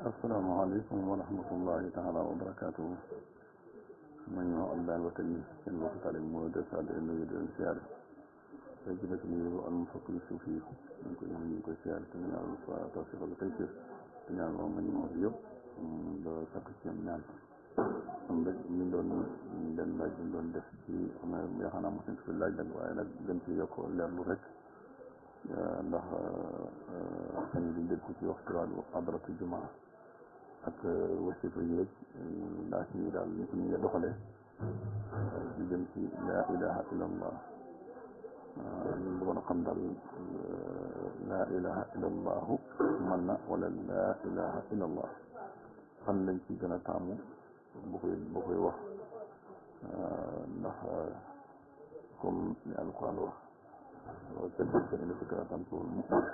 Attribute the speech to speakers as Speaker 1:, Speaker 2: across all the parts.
Speaker 1: السلام عليكم ورحمة الله تعالى وبركاته من الله وتنميه وقت على المودس على إنه يدعو سيارة تجربة نيرو المفق السوفي من كل من كل سيارة من الوصفة توصف القيسر من الومن المغيب من سقط من دون نعم. دون لاج من دون دف ak wasi fa yeeg ndax yi daal nit ñi nga doxale di jëm ci la ilaha illa allah ñu bëggoon a xam daal la ilaha illa allah man na wala la ilaha illa allah fan lañ ci gën a taamu bu koy bu koy wax ndax comme ni alquran wax وكذلك فإنك تنصر المؤمن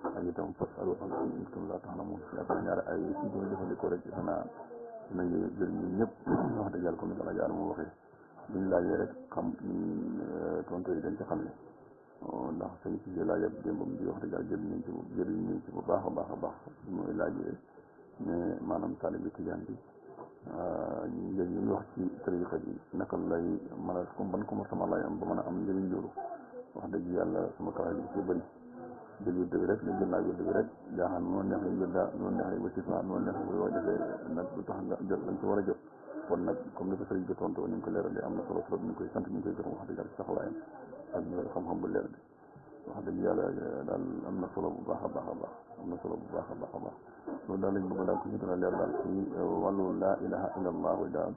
Speaker 1: ak itam fasalu am itam laa tax na moom yaakaar ñaari ay si doon jëfandikoo rek xanaa dinañu jëriñu ñëpp wax dëgg yàlla comme ni Alaaji Adama waxee buñ laajee rek xam euh, tontu yi dañ ci xam ne oh, ndax sëñ si di laaj ab démbam bi wax dëgg yàlla jëriñ nañ ci jëriñ nañ ci bu baax a baax a baax mooy laajee ne maanaam taalib bi tijaan bi euh, njëriñ yi wax ci tariqa bi naka lay mën a comme ban comportement lay am ba mën a am njëriñ loolu wax dëgg yàlla suma kawal bi ci bëri jël wird bi rek jël naa wird bi rek nga xam ne noonu neexee jël daa noonu neexee ba ci saa noonu neexee ba yoo defee nag lu tax nga jot lañ ci war a jot kon nag comme ni ko sëriñ bi tontoo ni ñu ko leeralee am na solo trop ñu koy sant ñu koy gërëm wax dëgg yàlla taxawaayam ak ñu xam-xam bu leer bi wax dëgg yàlla eh, daal am na solo bu baax a baax a baax am na solo bu baax a baax a baax loolu daal lañ bëgg daal ku ñu gën a leer daal ci eh, wàllu laa ilaha illa allah daal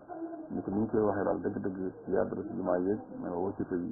Speaker 1: ni ko ni ñu koy waxee daal dëgg-dëgg ci adresse jumaa yeeg eh, wasifa yi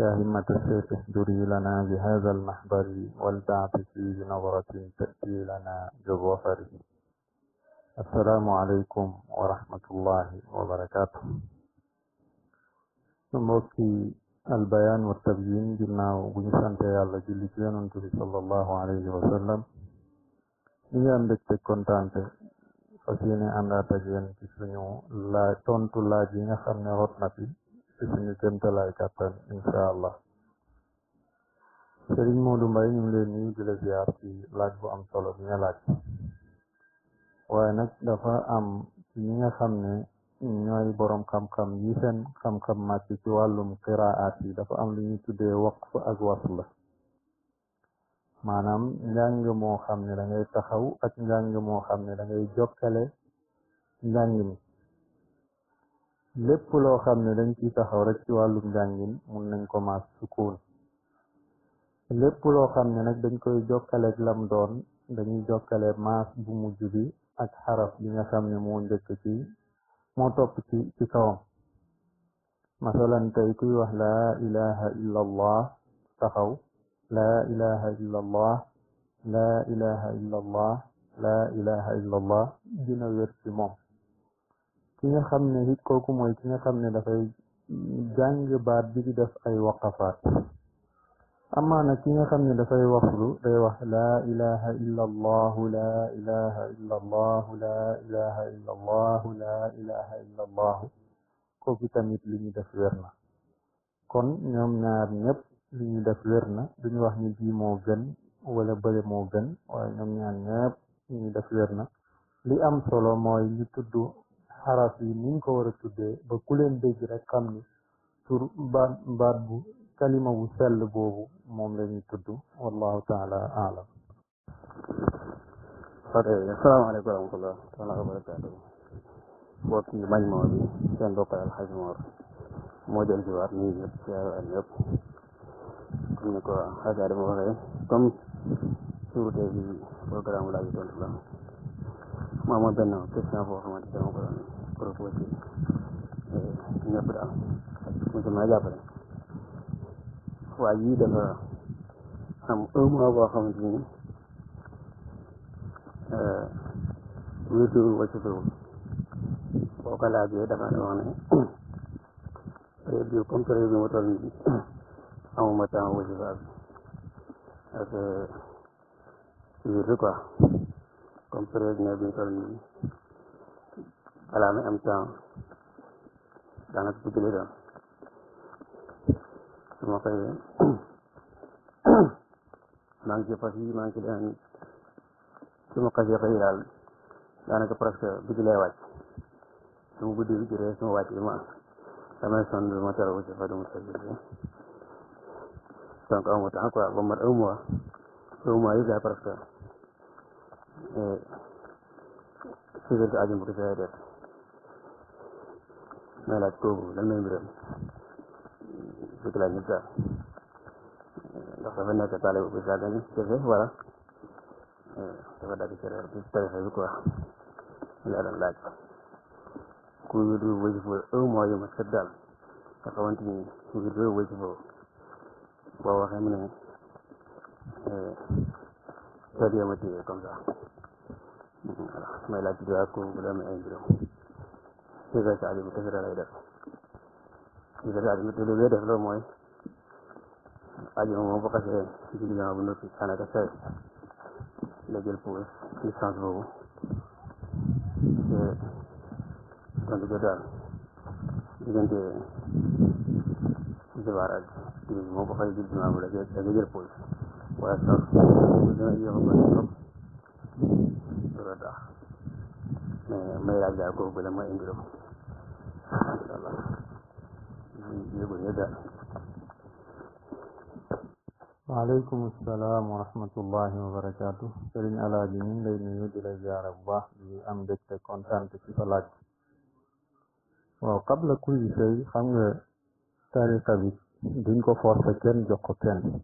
Speaker 2: يا همة الشيخ اهدري لنا بهذا المحضر والبعث فيه نظرة تأتي لنا بالظفر السلام عليكم ورحمة الله وبركاته نموكي البيان والتبيين جلنا وقنسان تيالا جل جلنا صلى الله عليه وسلم نيان بكتك كنتانت فسيني أن لا تجين كسنو لا تنتو لا جينا خرني رتنا فيه ci suñu kéemtalaay kàttan incha allah Serigne Modou Mbaye ñu leen nuyu di la ziar laaj bu am solo bi nga laaj waaye nag dafa am ci ñi nga xam ne ñooy boroom xam-xam yi seen xam-xam ci wàllum qiraat yi dafa am lu ñuy tuddee waqf ak wasla maanaam njàng moo xam ne da ngay taxaw ak njàng moo xam ne da ngay jokkale njàng mi lépp loo xam ne dañ ciy taxaw rek ci wàllum njàngin mun nañ ko maas sukuun lépp loo xam ne nag dañ koy jokkale lam doon dañuy jokkale maas bu mujj bi ak xaraf bi nga xam ne moo njëkk ci moo topp ci ci kawam masalan tey wax laa ilaha illa allah taxaw laa ilaha illa allah laa ilaha illa allah ci moom ki nga xam ne it kooku mooy ki nga xam ne dafay jàng baat bi di def ay waqafaat amaa nag ki nga xam ne dafay waxlu day wax laa ilaha illa allahu laa ilaha illa allahu laa ilaha illa allahu laa ilaha illa allahu kooku tamit li ñu def wér na kon ñoom ñaar ñëpp li ñu def wér na duñu wax ni bii moo gën wala bële moo gën waaye ñoom ñaar ñëpp li ñu def wér na li am solo mooy ñu tudd xaraf yi niñ ko war a tuddee ba kuleen leen dégg rek xam ni tur baat baat bu kalima bu sell boobu moom lañuy ñuy tudd wallahu taala aalam asalaamaaleykum wa rahmatullah taala wa barakaatu mbokk yi mañ moo bi
Speaker 3: seen bokkal alxaj moor moo jël si nii ñëpp siyaare ak ñëpp comme ni ko xajaade ma waxee comme suurute bi programme laaj ma amoon benn question boo xamante proposé ñëpp daal mu ci mën a jàppale waa jii dafa am un mois boo xamante ni wéetuwul wàccutuwul boo ko laajee dafa wax ne comme période bi ma toll nii amuma temps wasifa bi parce que ci biir quoi comme bi ma toll nii balaa muy am temps daanaka doon su ma koy fas yi maa ngi ci leneen su ma xasee xëy daal daanaka presque bu jëlee wàcc su ma guddi bi jëree su ma wàcc bi ma damay sonn du ma terawu ci fa du ma terawu donc amu temps quoi ba mat un mois un mois yi daa presque eh, si biir ajum bu ko defee def may laaj kooku lan lay mbiram bëgg laa ñu daal ndax dafa nekk taale bu sàggan kese wala dafa dagg ci reer bi tarixa laaj ku wir bi wëj fo mois yu ma set daal nga xamante ni wir bi wëj fo boo waxee mu ne eh, seet yama téye comme ça voilà may laaj ci diwaa kooku bu demee ay mbiram ñu koy caabi bi kasra lay def ñu koy caabi bi te li def loolu mooy ajuma moom bu xasee julli jama bu noppi daanaka say la jël pour distance boobu donc jo daal diggante tisbaar ak timis moom bu xasee julli jama bu la jël pause wala sax dina yéex a may laaj daal kooku la mooy mbiram incha
Speaker 2: wa rahmatullahi wa barakaatu sëriñ alaaji lay nuyu di la ziara bu baax di am mbégte kontaan ci sa laaj waaw qabla kulli shay xam nga tariqa bi duñ ko forcer kenn jox kenn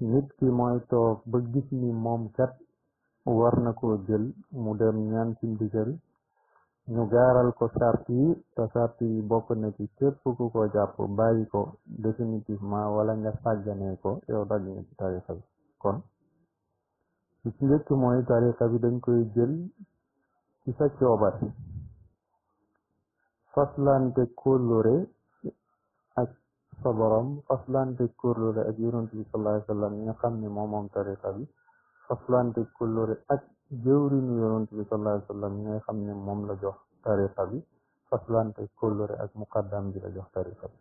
Speaker 2: nit ki mooy toog ba gis ni moom kat war na koo jël mu dem ñaan ci ñu gaaral ko sart yi te sart yi bokk na ku ko jàpp bàyyi ko définitivement wala nga sàgganee ko yow dagg nga ci kon li ci njëkk mooy koy jël ci sa coobar faslante kóllëre ak sa borom faslante kóllëre ak yonent bi sallallahu alayhi wa sallam ñi nga xam moom moom tarixa saflante kóllëre ak jëwriñu yonent bi sallallahu alayhi wa nga xam ne moom la jox tariqa bi faslante kóllëre ak muqaddam bi la jox tariqa bi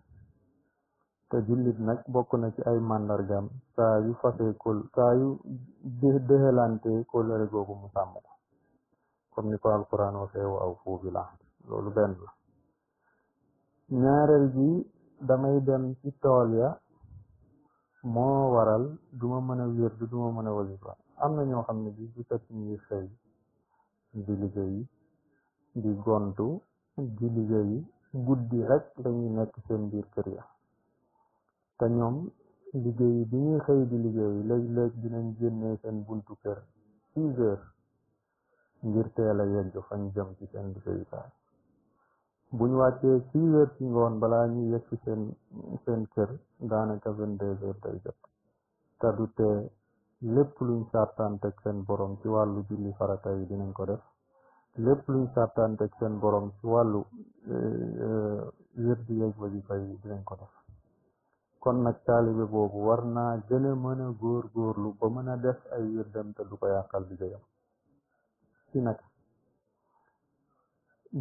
Speaker 2: te jullit nag bokk na ci ay màndargaam saa yu fasee kóll saa yu dëxalante googu mu sàmm ni ko alquran waxee wa aw fuu bil loolu benn la ñaareel gi damay dem ci tool ya moo waral duma mën a wér du duma mën a wasifa am na ñoo xam ne bi bu set ñuy xëy di liggéey di gontu di liggéey guddi rek lañuy nekk seen biir kër ya te ñoom liggéey bi ñuy xëy di liggéey léeg-léeg dinañ génnee seen buntu kër six heures ngir teel a yegg fañ jëm ci seen liggéeyukaay buñ wàccee six heures ci ngoon balaa ñuy yegg seen seen kër daanaka vingt deux heures day jot te lépp luñ sartaanteeg seen boroom ci wàllu julli farata yi dinañ ko def lépp luñ sartaanteeg seen borom ci wàllu eh, eh, wérdi yeeg wazifa yi dinañ ko def kon nag taalibe boobu war naa gën a mën a góorgóorlu ba mën a def ay wirdam te du ko yàqal liggéeyam ci nag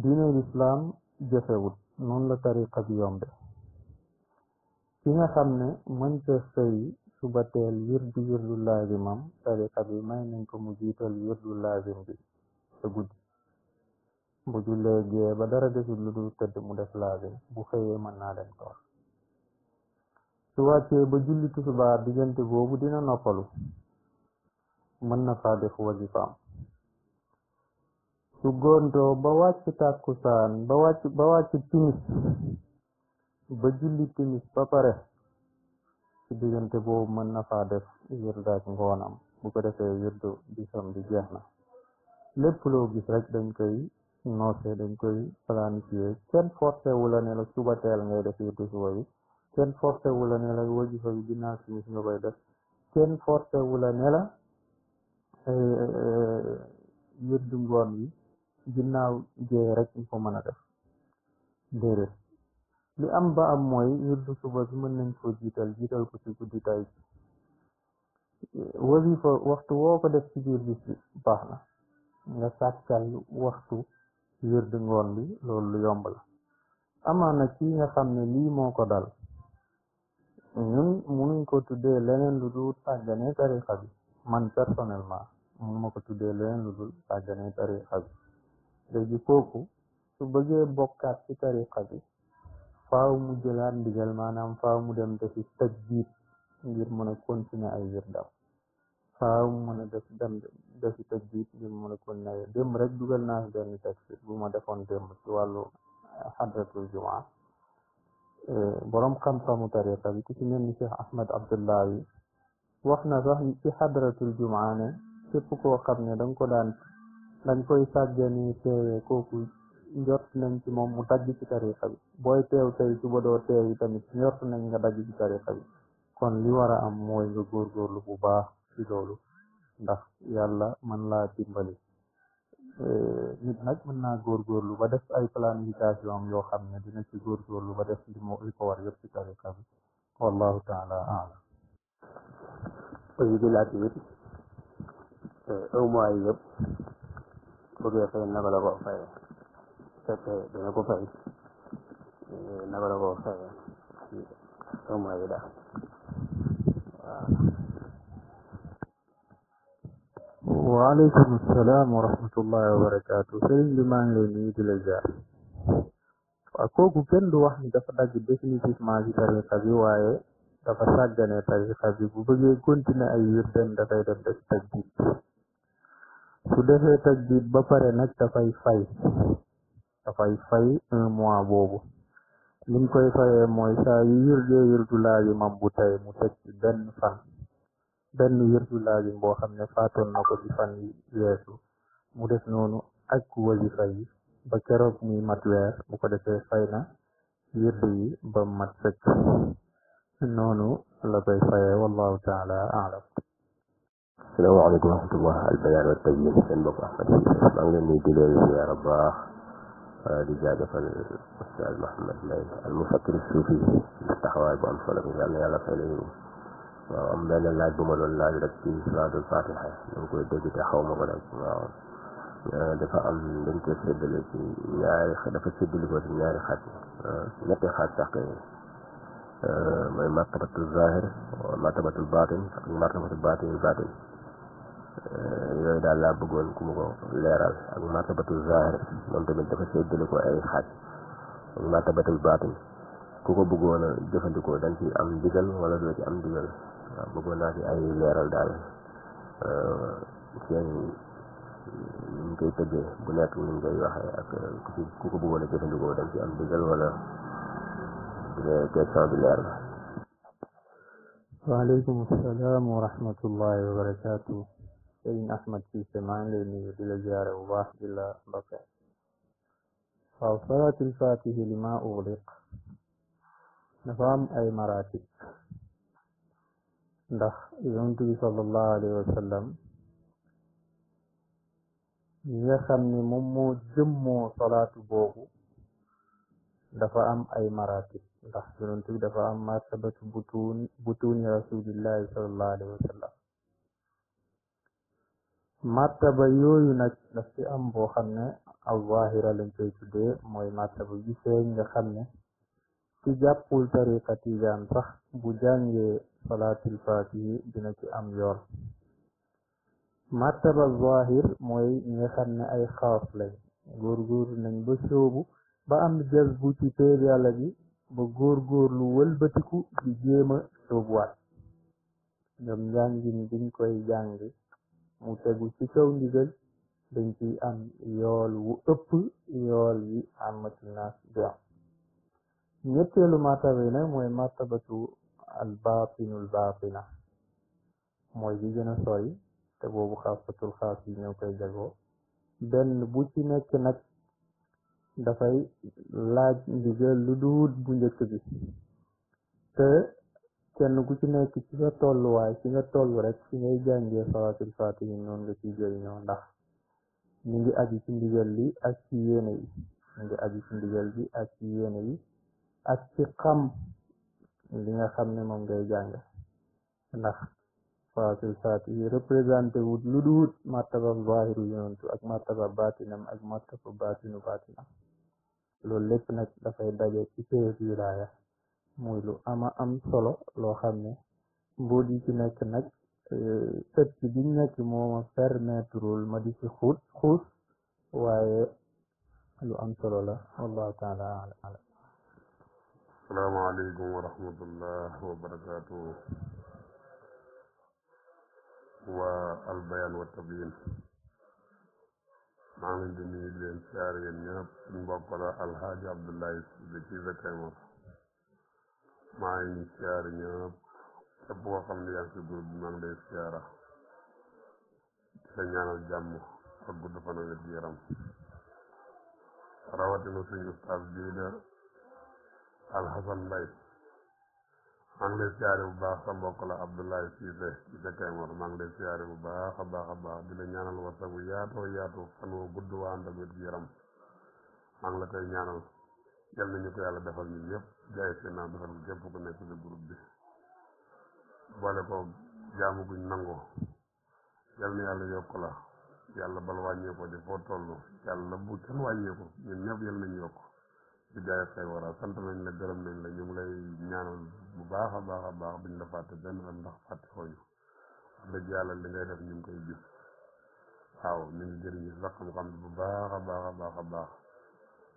Speaker 2: diineel islaam jëfewut noonu la tariqa bi yombe ki nga xam ne mënta sëy suba teel wirdu wirdu laazimam tariqa bi may nañ ko mu jiital wirdu laazim bi te bu jullee gee ba dara desul lu dul mu def laazim bu xëyee mën naa dem tool su wàccee ba julli tusubaar diggante boobu dina noppalu mën na faa def wazifaam su gontoo ba wàcc tàkkusaan ba wàcc timis ba julli timis ba pare ci diggante boobu mën na faa def wirdaak ngoonam ko defee wirdu bisam di jeex na lépp loo gis rek dañ koy noose dañ koy planifier kenn forcé wu la ne la suba teel ngay def wirdu suba bi kenn forcé wu la ne la wajifa bi ginnaaw ne la eh, eh, eh, wirdu ngoon bi ginnaaw jee rek ñu ko mën a def déedéet li am ba am mooy wirdu suba bi mën nañ ko jiital jiital ko ci guddi tay wasifa waxtu woo ko def ci biir bis bi baax na nga sàkkal waxtu wirdu ngoon bi loolu lu yomb la amaana ci nga xam ne lii moo ko dal ñun munuñ ko tuddee leneen lu dul tàggane tarixa bi man personnellement mun ma ko tuddee leneen lu dul tàggane tarixa bi léegi kooku su bëggee bokkaat ci tarixa bi faaw mu jëlaat ndigal maanaam faaw mu dem defi tajdiid ngir mën a continuer ay wirdam faaw mu mën a def dem defi tajdiid ngir mën a continuer ay démb rek dugal naa benn texte bu ma defoon démb ci wàllu xadratul jumaa boroom xam-xamu tariqa bi ku ci mel ni Cheikh Ahmad Abdullahi wax na sax ci xadratul jumaa ne képp koo xam ne danga ko daan dañ koy sàgganee teewee kooku njort nañ ci moom mu dagg ci tarixa bi booy teew tey suba doo teew yi tamit njort nañ nga dagg ci tarixa bi kon li war a am mooy nga góorgóorlu bu baax ci loolu ndax yàlla man laa dimbali nit nag mën naa góorgóorlu ba def ay planification yoo xam ne dina ci góorgóorlu ba def li mu ko war yëpp ci tarixa bi wallahu taala alam ayi di laaj it aw ma
Speaker 3: la fekk dina ko fay naka ko fay soo mooy bi
Speaker 2: salaam wa rahmatullahi wa barakaatu sëriñ bi maa ngi di la jaar waaw kooku du wax ni dafa dagg définitivement ci tariqa bi waaye dafa sàggane tariqa bi bu bëggee continuer ay wirdem dafay def def tajdiid su defee tajdiid ba pare nag dafay fay dafay fay un mois boobu liñ koy fayee mooy saa yu yurdee yurdu laazimam bu tey mu teg ci benn fan benn yurdu laazim boo xam ne faatoon na ko ci fan weesu mu des noonu ak wazifa yi ba keroog muy mat weer bu ko defee fay na yurdu yi ba mat sëkk noonu la koy fayee wallahu taala alam
Speaker 4: asalaamaaleykum wa
Speaker 2: rahmatullah albayaan wa tayyib
Speaker 4: seen mbokk baax الإجابة فالأستاذ محمد ليل المفكر الصوفي استحواذ بأن صلب إذا لا فعله وأم بين الله بمر الله لكي صلاة الفاتحة نقول دي جدا حوم غلق دفع أم بنت السيد لكي ياري خد دفع السيد لكي وزن ياري خد نتي خد تحكي مرتبة الظاهر ومرتبة الباطن مرتبة الباطن الباطن Euh, yooyu daal laa bëggoon ku ma ko leeral ak martabatu zahir moom tamit dafa séddale ko ay xaaj ak martabatul baatin ku ko bëggoon a jëfandikoo da nga ci am ndigal wala doo ci am ndigal waaw bëggoon naa euh, bu nekk ni ñu euh, bu dee question bi leer la.
Speaker 2: waaleykum salaam wa wa barakaatu. سيدنا أحمد في سمعين لأنه يدل زيارة وباح بلا بقى فصلاة الفاتحة لما أغلق نفهم أي مراتب ده يونتو صلى الله عليه وسلم يخمني ممو جمو صلاة بوهو دفع أي مراتب ده يونتو دفع أم مرتبة بطون بطون رسول الله صلى الله عليه وسلم martaba yooyu nag daf ci am boo xam ne aw waahira lañ koy tuddee mooy martaba yu feeñ nga xam ne ci jàppul tariqa tijaan sax bu jàngee salaatul faatihi dina ci am yoon martaba zaahir mooy ñi nga xam ne ay xaas lañ góorgóorlu nañ ba sóobu ba am jaz bu ci péeb yàlla bi ba góorgóorlu wëlbatiku di jéema sóobuwaat ñoom njàngin biñ koy jàng mu tegu ci kaw ndigal dañ ci am yool wu ëpp yool yi amati naas di am ñetteelu martaba yi nag mooy martabatu al baatinul baatina mooy bi gën a sori te boobu xaasatul xaas yi ñoo koy jagoo benn bu ci nekk nag dafay laaj ndigal lu duut bu njëkk te kenn ku ci nekk ci sa tolluwaay ci nga toll rek ci ngay jàngee salaatul faatihi noonu nga ciy jëriñoo ndax mi ngi aju ci ndigal li ak ci yéene yi mi ngi aju ci ndigal bi ak ci yéene yi ak xam li nga xam ne moom ngay jàng ndax salaatul faatihi représenté wut lu duut martaba zahiru yonantu ak martaba baatinam ak martaba baatinu baatinam loolu lépp nag dafay daje ci téere wilaaya muy lu ama am solo loo xam ne mbóot yi ci nekk nag sët ci biñ nekk moo ma permettrewul ma di ci xuut xuus waaye lu am solo la wallahu taala alam
Speaker 5: asalaamaaleykum wa rahmatullah wa barakatuh waa albayan wa tabyin maa ngi leen di nuyu leen siyaar yéen ñëpp suñ mbokk la alhaaji abdullahi si ci zakay moom maa ngi siyaar ñëpp képp koo xam ne yaa ngi si góor bi maa ngi lay siyaara di la ñaanal jàmm ak gudd fan ak wér gu yaram rawatina suñu ustaas bii de Alxasan Mbay maa ngi bu baax sa mbokk la Abdoulaye Cissé ci sa Kaymoor maa ngi lay siyaare bu baax a baax baax di la ñaanal warsagu yaatoo yaatu fan woo gudd waa ànd ak wér yaram maa la koy ñaanal yal nañu ko yàlla defal ñun ñëpp jaay si naa defal képp ku nekk ci groupe bi boole ko jaamu guñ nangoo yal na yàlla yokk la yàlla bal wàññeekoo di foo toll yàlla bu kenn wàññeeku ñun ñëpp yal nañ yokk ci jaay xëy wara sant nañ la gërëm nañ la ñu ngi lay ñaanal bu baax a baax a baax buñ la fàtte benn yoon ndax fàtte fooñu wax dëgg yàlla li ngay def ñu ngi koy gis waaw ñu ngi jëriñu sax xam bu baax a baax a baax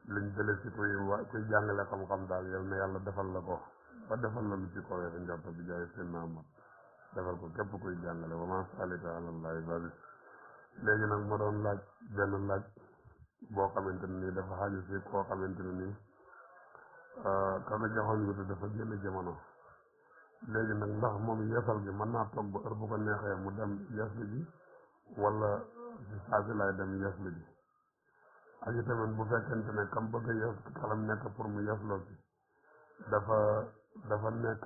Speaker 5: lañ bële ci koy wa koy jàngale xam-xam daal yal na yàlla defal la ko ba defal la lu ci kowee da njorta bi jaay seen naa mat defal ko képp koy jàngale wa maa saalika alallaahi babi léegi nag ma doon laaj benn laaj boo xamante ne nii dafa xaaju si koo xamante ne nii euh, ka ko joxoon yutu dafa génn jamono léegi nag ndax moom yeesal gi mën naa toog ba heure bu ko neexee mu dem yeeslu ji wala si saa si laay dem ji ak itamit bu fekkente ne kam bëgg a yos kalam nekk pour mu yosloo ci dafa dafa nekk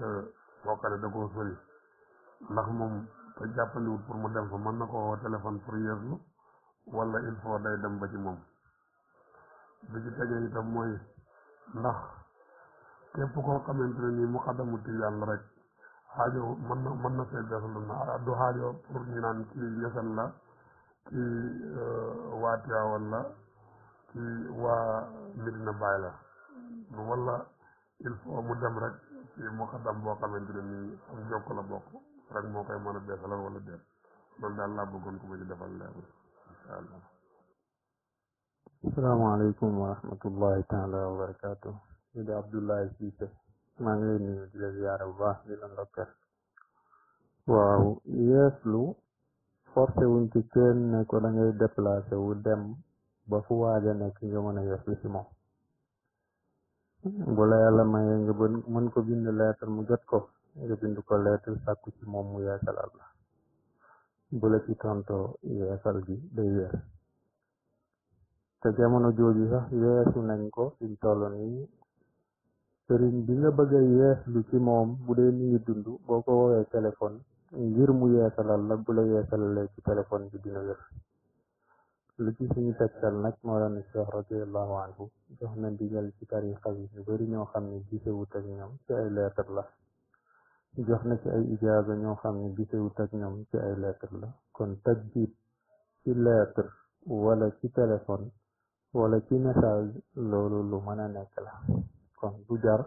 Speaker 5: koo xam da koo sori ndax moom te jàppandiwut pour mu dem fa mën na koo woo téléphone pour yoslu wala il faut day dem ba ci moom bi ci tegee itam mooy ndax képp koo xamante ne nii mu xadamu tijaan la rek xaajo mën na mën na fee beeslu na du xaajo pour ñu naan kii la kii euh, waatiwaawan la ci waa Medina Baye la mm. wala il faut mu rek ci muqaddam boo xamante ne nii ak jokk la bokk rek moo koy mën a beesalal wala déet loolu daal laa bëggoon ko ma ci defal leeru incha
Speaker 2: allah asalaamaaleykum wa rahmatullahi taala wa barakaatu ñu di Abdoulaye Cissé maa ngi lay nuyu di la ziyaara bu baax di la ndokkeel waaw yeeslu forcé wuñ ci kenn ne ko da ngay déplacé dem ba fu waaja nekk nga mën a yos ci moom hmm, bu la yàlla maye nga mën ko bind leetar mu jot ko nga bind ko leetar sàkku ci moom mu yeesalal la bu la ci tontoo yeesal gi day wér te jamono jooju sax yeesu nañ ko fiñ toll nii sëriñ bi nga bëgg yeeslu ci moom bu dee mi ngi dund boo ko woowee téléphone ngir mu yeesalal la bu la yeesalalee ci téléphone bi dina wér lu ci suñu tegtal nag Mawlana Cheikh radiallahu anhu jox na digal ci tariqa yi bari ñoo xam ne gisewut ak ñoom ci ay lettre la jox na ci ay ijaaza ñoo xam ne gisewut ak ñoom ci ay lettre la kon tajjid ci lettre wala ci téléphone wala ci message loolu lu mën a nekk la kon du jar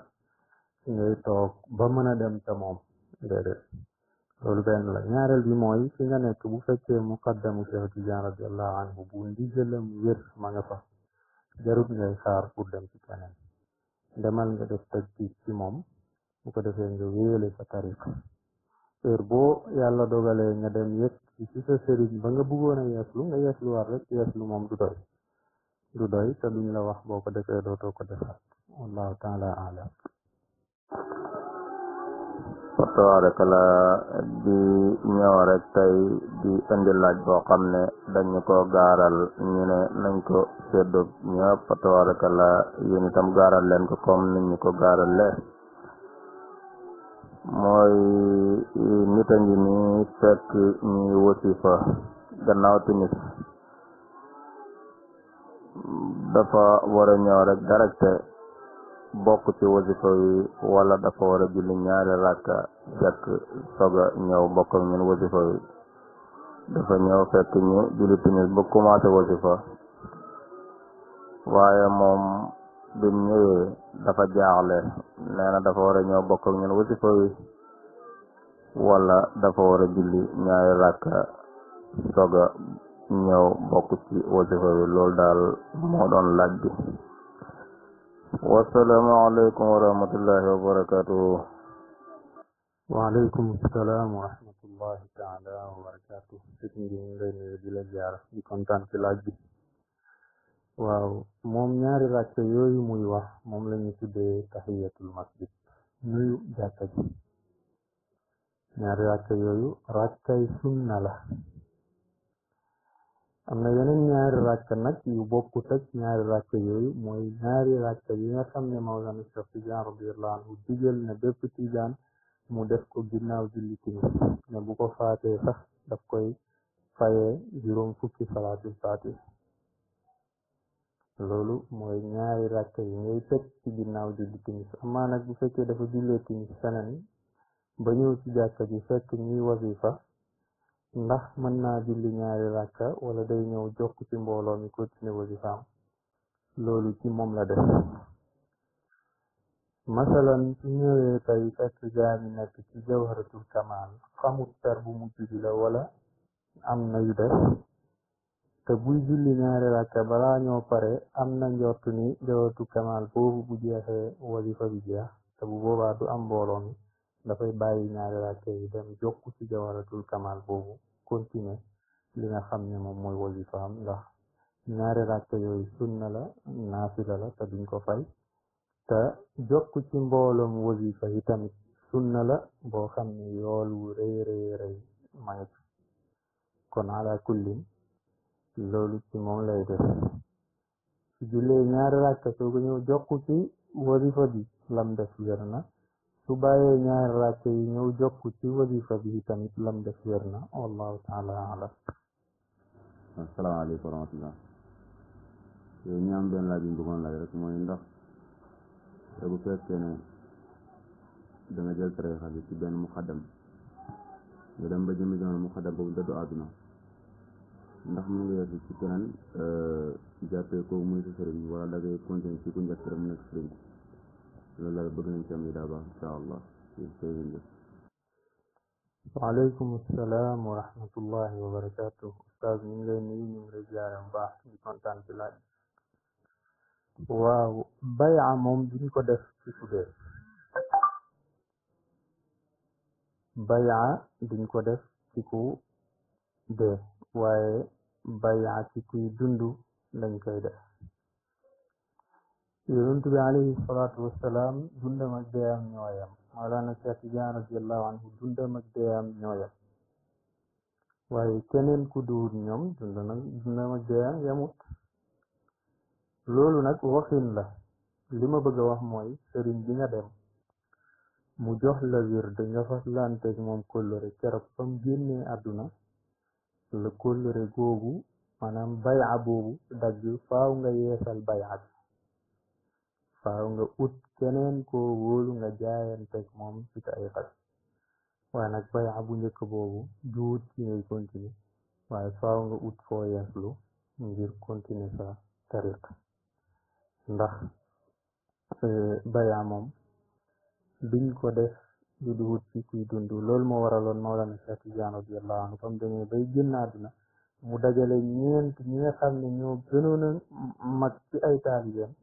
Speaker 2: ngay toog ba mën a dem ca moom déedéet loolu benn la ñaareel bi mooy fi nga nekk bu fekkee muqaddamu Cheikh Tidiane radiallahu anhu bu ndigalam wér ma nga fa jarut ngay xaar pour dem ci keneen demal nga def tajdiid ci moom bu ko defee nga wéele sa tariq boo yàlla dogalee nga dem yëg ci sëriñ ba nga bëggoon a yeeslu nga yeeslu war rek yeeslu moom du doy du doy te duñ la wax boo ko defee dootoo ko defaat wallahu taala alam
Speaker 6: fa tabarakallah di ñëw rek tey di indi laaj boo xam ne dañu ko gaaral ñu ne nañ ko séddoo ñëpp fa tabarakallah yéen itam gaaral leen ko comme niñ ñu ko gaaral lee mooy nit a ngi nii fekk ñuy wasifa gannaaw timis dafa war ñëw rek directe bokk ci wasifa yi wala dafa war a julli ñaari ràkka jàkk soga ñëw bokk ak ñun wasifa yi dafa ñëw fekk ñu julli timis ba commencé wasifa waaye moom bi ñëwee dafa jaaxle nee na dafa war a ñëw bokk ak ñun wasifa yi wala dafa war a julli ñaari ràkka soga ñëw bokk ci wasifa yi loolu daal moo doon laaj bi wasalaamualeykum wa rahmatullahi wa barakatuhu
Speaker 2: waaleykum salaam wa taala wa barakatuh sit ngi ñu lay nuyu di di kontaan ci laaj bi moom ñaari ràcce yooyu muy wax moom la ñu tuddee tahiyatul masjid nuyu jàkka ñaari ràcce yooyu ràccay sunna la am na yeneen ñaari ràkka nag yu bokkut ak ñaari ràkka yooyu mooy ñaari ràkka yi nga xam ne Mawlana Cheikh Tidiane radiyallahu anhu digal na bépp Tijaan mu def ko ginnaaw julli timis ne bu ko faatee sax daf koy fayee juróom fukki salaatul faatih loolu mooy ñaari ràkka yi ngay teg ci ginnaaw julli timis amaa nag bu fekkee dafa jullee timis feneen ba ñëw ci jàkka ji fekk ñuy wasifa ndax mën naa julli ñaari ràkka wala day ñëw jokk ci mbooloo mi continuer wasifaam loolu ci moom la def masalan su ñëwee tey fekk jaami nekk ci jawharatul kamal xamul bu mujj la wala am na yu def te buy julli ñaari ràkka balaa ñoo pare am na njort ni jawharatul kamal boobu bu jeexee wasifa bi jeex te bu boobaa am mbooloo mi dafay bàyyi ñaari rakk yi jokk ci jawaratul kamal boobu continuer li nga xam ne moom mooy wasifaam ndax ñaare rakk yooyu sunna la naafila la te duñ ko fay te jokk ci mbooloom wasifa yi tamit sunna la boo xam ne yool wu rëy rëy rëy kon ala kullin loolu ci moom lay def su jullee ñaari rakk soo ci wasifa bi lam def wér na su bàyyee ñaari ràkk yi ñëw jokk ci wasifa bi tamit lam def wér na wallahu taala alam asalaamaaleykum
Speaker 6: wa rahmatullah yow ñu am benn laaj bi ñu bëggoon laaj rek mooy ndax te bu fekkee ne da nga jël tarixa ci benn muxaddam nga dem ba jëmi jamono muxaddam boobu dëddu àdduna ndax mu ngi yegg ci keneen euh, jàppee kooku muy sa sëriñ wala da ngay continuer ci ku njëkk mu nekk sëriñ loolu la bëgg nañ ci am ida ba insha allah
Speaker 2: waaleykum salaam wa rahmatullahi wa barakaatu ñu ngi lay nuyu ñu moom duñ ko def ci fudee baya duñ ko def ci ku waaye baya ci kuy dund lañ koy def yonent bi alayhi salaatu wassalaam dundam ak ñooyam Mawlana Cheikh Tidiane radiallahu anhu dundam ak deeyam ñooyam waaye keneen ku duwut ñoom dundam ak yamut loolu nag waxin la li ma bëgg wax mooy sëriñ bi nga dem mu jox la wird nga faslanteeg moom kóllëre keroog ba mu génnee àdduna la kóllëre googu maanaam baya boobu dagg faaw nga yeesal baya faaw nga ut keneen koo wóolu nga jaayanteeg moom ci ay xas waaye nag bayaa bu njëkk boobu duut ci ngay continuer waaye faaw ut foo yeeslu ngir continuer sa tariq ndax euh, bayaa moom duñ ko def lu duut ci kuy dund loolu moo waraloon Mawlana Cheikh Tidiane radiyallahu anhu comme demee bay génn àdduna mu dajale ñeent ñi xam ne ñoo gënoon mag ci ay taalibeem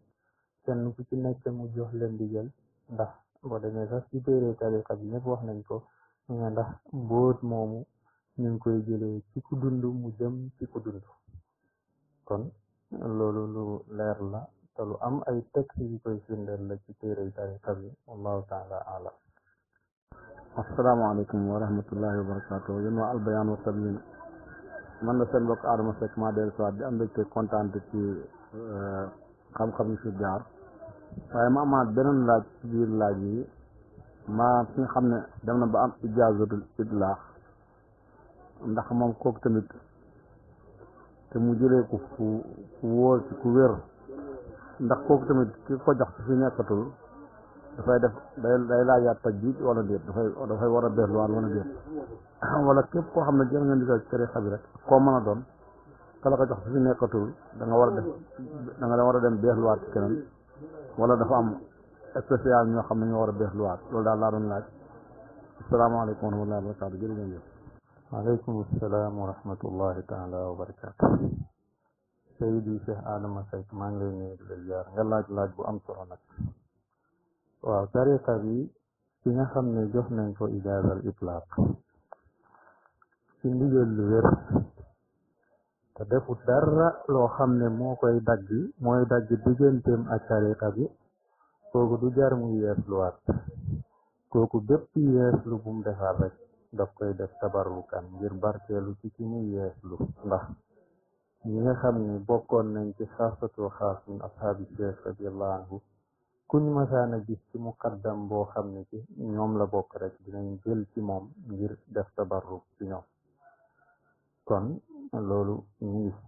Speaker 2: kenn ku ci nekk mu jox leen digal ndax boo demee sax ci téere tariqa bi ñëpp wax nañ ko nga ndax mbóot moomu ñu ngi koy jëlee ci ku dund mu jëm ci ku dund kon loolu lu leer la te lu am ay texte yu koy firndeel la ci téere tariqa bi wallahu taala alam asalaamaaleykum wa rahmatullahi wa barakatuh yéen waa albayaan wa tabyin man la seen mbokk Adama Seck maa dellu si waat di am mbégte kontaan ci euh, xam-xam yu fi waaye ma amaat beneen laaj ci biir laaj yi ma ki nga xam ne dem na ba am ijaazatul itlaax ndax moom kook tamit te mu jëlee ko ku ku wér ndax kook tamit ki ko jox ci fi nekkatul
Speaker 7: dafay def day day laajaat taj bi wala déet dafay dafay war a delluwaat wala déet
Speaker 3: wala képp koo xam ne jël ngeen di ci tariixa bi rek koo mën a doon kala ko jox ci fi nekkatul da nga war a def da nga war a dem delluwaat ci keneen wala dafa am
Speaker 2: spécial ñoo xam ne ñoo war a beex luwaat loolu daal laa laaj asalaamaaleykum wa rahmatullahi wa barakaatu jërëjëf waaleykum salaam wa wa barakaatu Seydi Cheikh Adama Seck maa ngi lay nuyu di la laaj laaj bu am solo nag tariqa bi ci nga xam ne jox nañ ko ijaazal itlaq ci ndigal te defut dara loo xam ne moo koy dagg mooy dagg digganteem ak tariqa bi kooku du jar mu yeesluwaat kooku bépp yeeslu bu mu defar rek daf koy def tabarrukan ngir barkeelu ci ci mu ndax ñi nga xam ni bokkoon nañ ci xaasatu xaas min ashaabi cheikh radiallahu anhu kuñ masaana ci muqaddam boo xam ne ci ñoom la bokk rek dinañ ci moom ngir def tabarruk ci ñoom kon loolu ñu ngi fi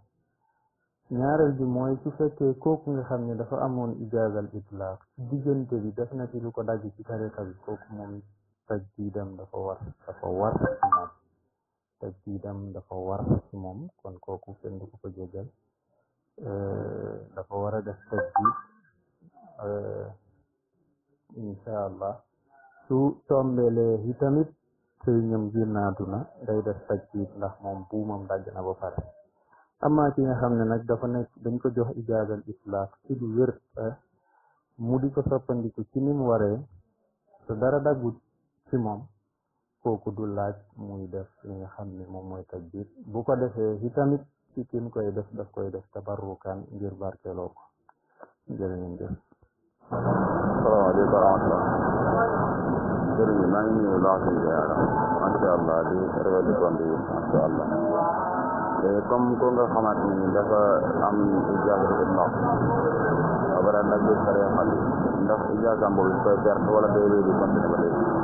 Speaker 2: ñaareel bi mooy su fekkee kooku nga xam ne dafa amoon ijaazal itlaaq ci diggante bi def na ci ko dagg ci tariqa bi kooku moom taj diidam dafa war dafa war moom taj diidam dafa war moom kon kooku kenn du ko dafa war a def taj allah su tombelee yi sëriñam génn àdduna day def tajdiid ndax moom buumam dagg na ba pare amaa ki nga xam ne nag dafa nekk dañ ko jox ijaazal itlaq ci lu wér mu di ko soppandiku ci ni dara daggut ci moom kooku du laaj muy def li xam ne moom mooy tajdiid bu ko defee itamit ci koy def daf koy def tabarrukan ngir barkeloo ko jërë ngeen ഒരു വിമാനി ഉള്ളാക്കുകയാണ് മാഷാല്ല
Speaker 6: സർവ്വതുകൊണ്ട് മാഷാല്ല comme ko nga xamante ni dafa am ijaaza bu ndox ba pare nag du sare xal ndax ijaaza boobu koy perte wala day wéy di continuer ba léegi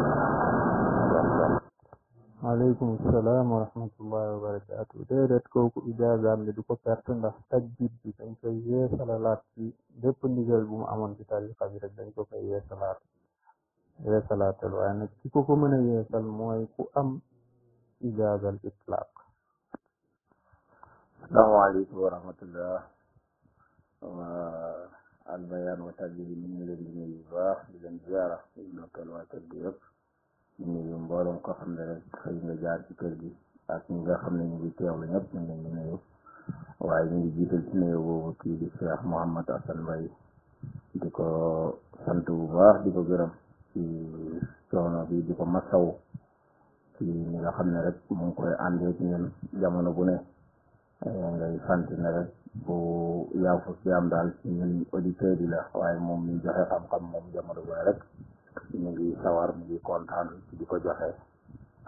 Speaker 2: aleykum salaam wa rahmatullahi wa barakaatu déedéet kooku ijaazaam bi du ko perte ndax tajjid bi dañ koy yeesalaat ci bépp ndigal bu mu amoon ci tariqa bi rek dañ ko koy yeesalaat weesalaatal waaye nag ki ko ko mën a yeesal mooy ku am ijaazal itlaaq
Speaker 7: asalaamaaleykum wa rahmatullah al bayaan wa tàgg yi ñu ngi leen di nuyu bu baax di leen ziara di ndokkeel waa kër gi yëpp
Speaker 6: ñu nuyu mbooloom ko xam ne rek xëy
Speaker 7: nga jaar ci kër gi ak ñi nga xam ne ñu ngi teewlu ñëpp ñu ngi leen di nuyu waaye ñu ngi jiital ci nuyu boobu kii di Cheikh Mouhamad Assane Mbaye di ko sant bu baax di ko gërëm ci coono bi di ko masaw ci ñi nga xam ne rek mu ngi koy àndeek ñun jamono bu ne eh, ngay sant ne rek bu yaafus bi daal ci ñun auditeurs yi waaye moom ñu joxe xam-xam moom jamono bu ne rek ñu sawar mu ngi kontaan di ko joxe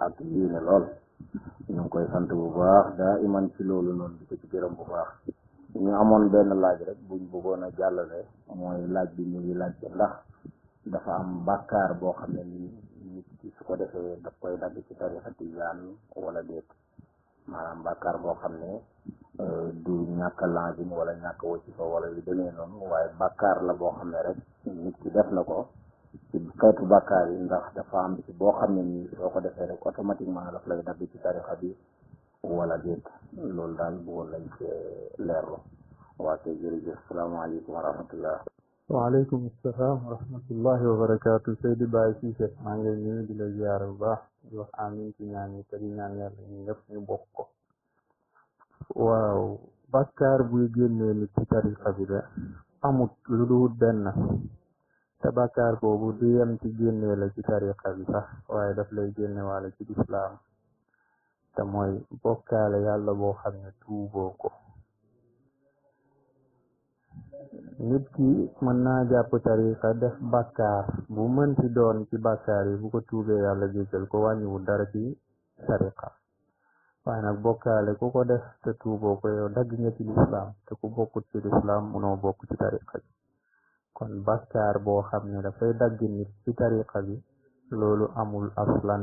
Speaker 7: ak yéene lool ñu koy sant bu baax daa iman ci loolu noonu di ko ci gërëm bu baax ñu amoon benn laaj rek buñ bëggoon a jàllale mooy laaj bi ñu ngi laaj ndax dafa am bàkkaar boo xam ne ni nit ki su ko defee daf koy dagg ci a tijaan wala déet maanaam bàkkaar boo xam ne euh, du ñàkk langin wala ñàkk wacci ko wala yu demee noonu waaye bàkkaar la boo xam ne rek nit ki def na ko ci xeetu bàkkaar yi ndax dafa am si boo xam ne ni soo ko defee rek automatiquement daf lay dagg ci tarixa bi wala déet loolu daal bëggoon lañ leer leerlu waa kay jërëjëf salaamaaleykum wa rahmatullah
Speaker 2: waaleykum salaam wa rahmatullahi wa barakaatu Seydi Baye Cissé maa ngi lay nuyu di la ziyaar bu baax di wax amin ci ñaan yi te di ñaan yàlla ñu ñëpp ñu bokk ko waaw bàkkaar buy génnee nit ci tariqa bi de amut lu dul benn te bàkkaar boobu du yem ci génnee la ci tariqa bi sax waaye daf lay génne waale ci lislaam te mooy bokkaale yàlla boo xam ne tuuboo nit ki mën naa jàpp tariqa def bàkkaar bu mënti doon ci bàkkaar yi bu ko tuubee yàlla jéggal ko wàññiwul dara ci tariqa waaye nag bokkaale ku ko def te tuuboo ko yow dagg nga ci lislaam te ku bokkut ci lislaam munoo bokk ci tariqa kon bàkkaar boo xam ne dafay dagg nit ci tariqa bi loolu amul aslan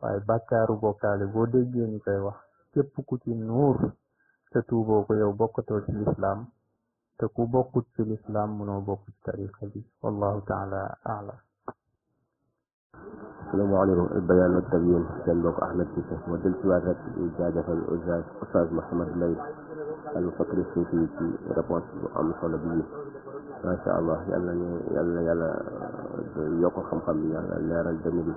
Speaker 2: waaye bàkkaaru bokkaale boo déggee ñu koy wax képp ku ci nuur te tuuboo ko yow bokkatoo ci lislaam تكو بوكوت في الإسلام منو بوكوت تاريخ دي والله تعالى أعلى
Speaker 4: السلام عليكم البيان والتبيين حسين بوك أحمد بيسا ودل سواجهة الإجادة في أستاذ محمد الليل المفكر السوفي في ربوات أم صلبي ما شاء الله يلا يلا يلا يوقع خم خم يلا ليرا الدمير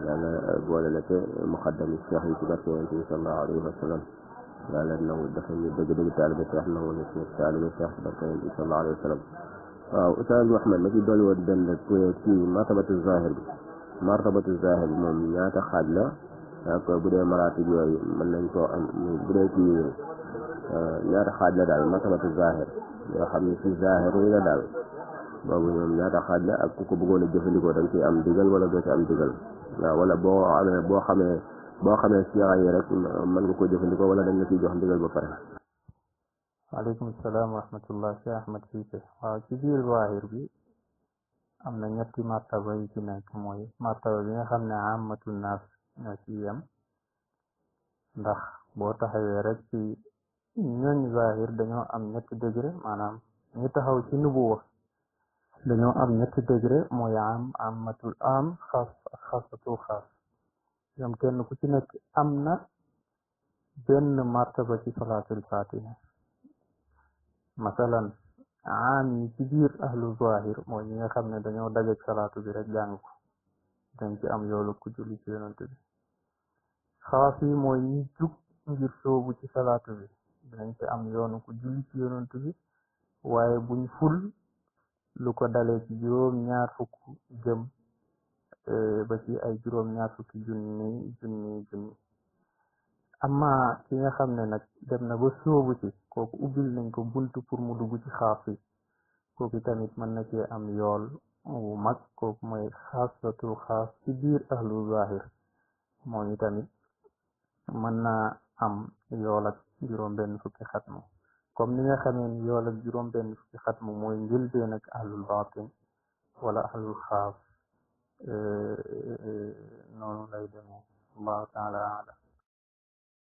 Speaker 4: يلا بولا لك مخدم الشيخ يتبقى إن شاء الله عليه وسلم daa leen nangu dafa ñu dëgg-dëgg taalibe Cheikh nangu na si taalibe Cheikh barke bi sallallahu alayhi wa sallam waaw Oustaz Mouhamed ma ci dolli woon benn ci martabatu zahir bi martabatu zahir bi moom ñaata xaaj la ak bu dee maratib yooyu mën nañ koo am bu dee ci euh, ñaata xaaj la daal martabatu zahir yoo xam ne ci zahir yi la daal boobu ñoom ñaata xaaj la ak ku ko bëggoon a jëfandikoo da nga ciy am digal wala doo ci am digal waaw wala boo amee boo xamee boo xamee siyaxa yi rek mën nga ko jëfandikoo wala dañ la ciy jox ndigal ba pare
Speaker 2: waaleykum salaam wa rahmatullah si Ahmad Cissé waaw ci biir waahir bi am na ñetti martaba yi ci nekk mooy martaba bi nga xam ne amatu naas ñoo ci ndax boo taxawee rek ci ñooñ zaahir dañoo am ñetti degré maanaam ñu taxaw dañoo am ñetti degré mooy am amatul am xaas ak ñoom kenn ku ci nekk am na benn martaba ci salaatul fatiha masalan aam yi ci biir ahlu zahir mooy ñi nga xam ne dañoo dajeg salaatu bi rek jàng ko dañ ci am yoolu ku julli ci yonent bi xaas yi mooy ñi jug ngir soobu ci salaatu bi dañ am yoonu ku julli ci yonent bi waaye buñ ful lu ko dalee juróom ñaar fukk jëm Eh, ba ci ay juróom ñaar fukki junni junni junni amma ki nga xam ne nag dem na ba sóobu ci kooku ubbil ko buntu pour mu dugg ci xaas tamit mën na cee am yool wu mag kooku mooy xaasatul xaas ci ahlu zahir moom tamit mën na am yool juróom benn fukki xatmu comme ni nga xamee ni yool ak juróom benn fukki xatmu mooy njëlbeen batin wala ahlul xaas noonu lay demee allahu taala
Speaker 4: alam